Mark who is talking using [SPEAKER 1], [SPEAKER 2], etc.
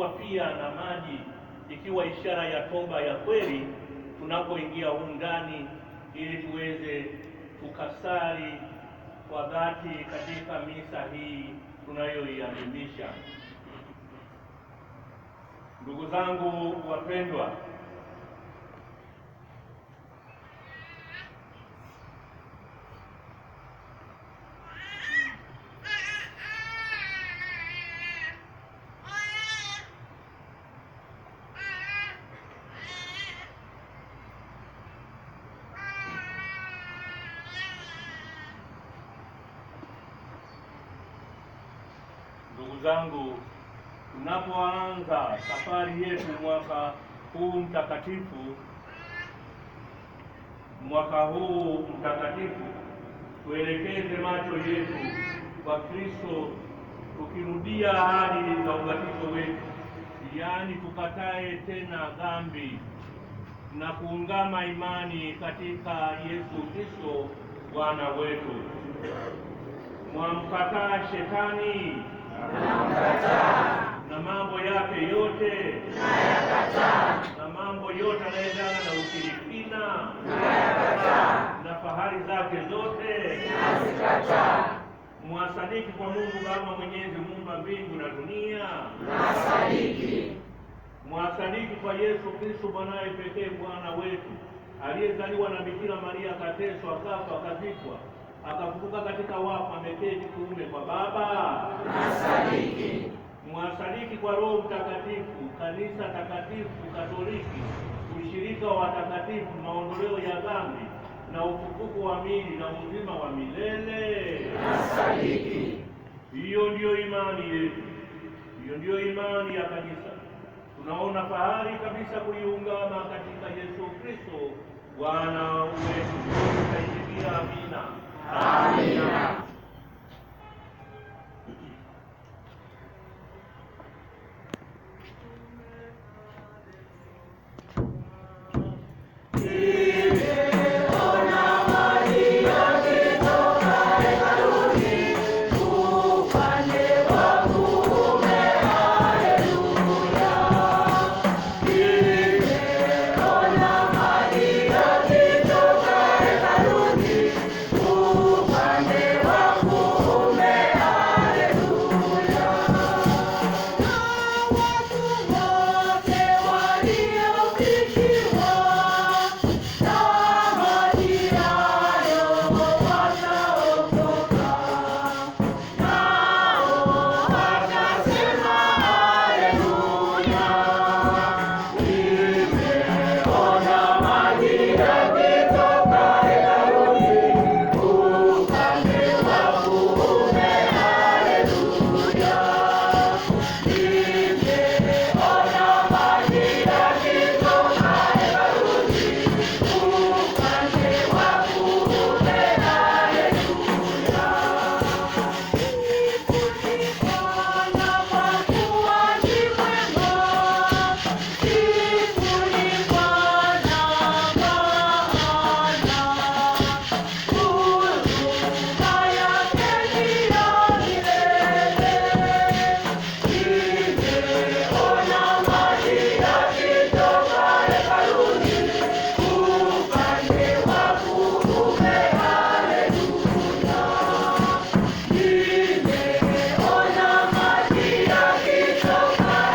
[SPEAKER 1] ikiwa pia na maji, ikiwa ishara ya toba ya kweli tunapoingia humu ndani, ili tuweze tukasali kwa dhati katika misa hii tunayoiadhimisha. Ndugu zangu wapendwa zangu, tunapoanza safari yetu mwaka huu mtakatifu, mwaka huu mtakatifu, tuelekeze macho yetu kwa Kristo, tukirudia ahadi za ubatizo wetu, yaani tukatae tena dhambi na kuungama imani katika Yesu Kristo Bwana wetu. Mwamkataa Shetani
[SPEAKER 2] Tunamkataa.
[SPEAKER 1] Na mambo yake yote
[SPEAKER 2] tunayakataa.
[SPEAKER 1] Na mambo yote anaendana na ushirikina
[SPEAKER 2] tunayakataa.
[SPEAKER 1] Na fahari zake zote
[SPEAKER 2] tunazikataa.
[SPEAKER 1] Mwasadiki kwa Mungu Baba Mwenyezi, muumba mbingu na dunia.
[SPEAKER 2] Mwasadiki.
[SPEAKER 1] Mwasadiki kwa Yesu Kristo mwanaye pekee Bwana wetu aliyezaliwa na Bikira Maria, akateswa, akafa, akazikwa akafufuka katika wafu, ameketi kuume kwa Baba.
[SPEAKER 2] Mwasadiki,
[SPEAKER 1] mwasadiki kwa Roho Mtakatifu, kanisa takatifu Katoliki, ushirika wa watakatifu, maondoleo ya dhambi na ufufuko wa mili na uzima wa milele.
[SPEAKER 2] Mwasadiki.
[SPEAKER 1] Hiyo ndiyo imani yetu, hiyo ndiyo imani ya kanisa. Tunaona fahari kabisa kuiungama katika Yesu Kristo Bwana wetu. Tutaifikia